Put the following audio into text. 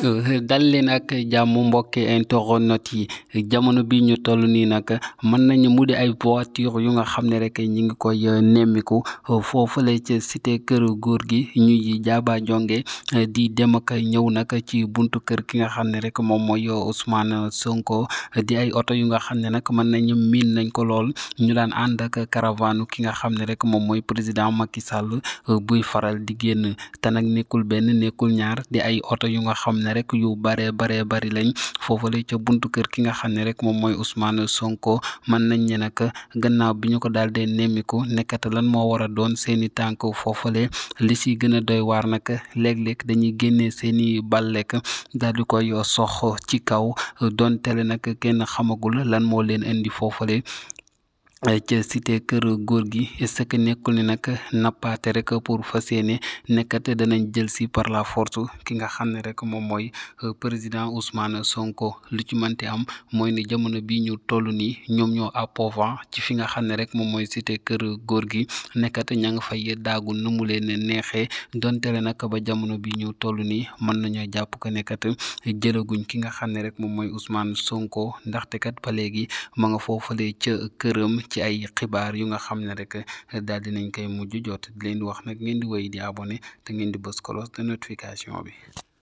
dal leen ak jàmm mbokki internautes yi jamono bi ñu toll nii nag mën nañu mu di ay voiture yu nga xam ne rek ñi ngi koy euh, nemmiku euh, foofule ca site kër góor gi ñu jaaba jonge euh, di dem ak ñëw nag ci buntu kër ki nga xam ne rek moom mooy Ousmane Sonko di ay oto yu nga xam ne nag mën nañu miin nañ ko lool ñu laan ànd ak caravane ki nga xam ne rek moom mooy président Macky Sall buy faral di génn nekkul benn nekkul ñaar di ay oto yu nga xam ne ne yu baree baree bari lañ foofale ca buntu kër ki nga xam ne rek moom mooy usmaan Sonko mën nañ ne nag gannaaw bi ñu ko daldee dee nemmiku nekkat lan moo war a doon seeni i tànk foofale li si gën a doy waar nag léeg-léeg dañuy génnee seen i ballek daldi di koy sox ci kaw doon tele nag kenn xamagul lan moo leen indi foofale ca cité kër góor gi est-ce que nekkul ni nag nappaate rek pour fa yéene nekkat danañ jël si par la force ki nga xam ne rek moom mooy euh, président Ousmane Sonko lu ci mënti am mooy ne jamono bi ñu toll nii ñoom ñoo à pouvoir ci fi nga xam ne rek moom mooy cité kër góor gi nekkat ña nga fay daagu nu mu leen neexee donte nag ba jamono bi ñu toll nii mën nañoo jàpp ko nekkat jëlaguñ ki nga xam ne rek moom mooy Ousmane Sonko ndaxte kat ba léegi ma nga foofalee ca këram. ci ay xibaar yu nga xam ne rek daal dinañ koy mujj jot di leen wax nag ngeen di wéy di abonné te ngeen di bës kolos de notification bi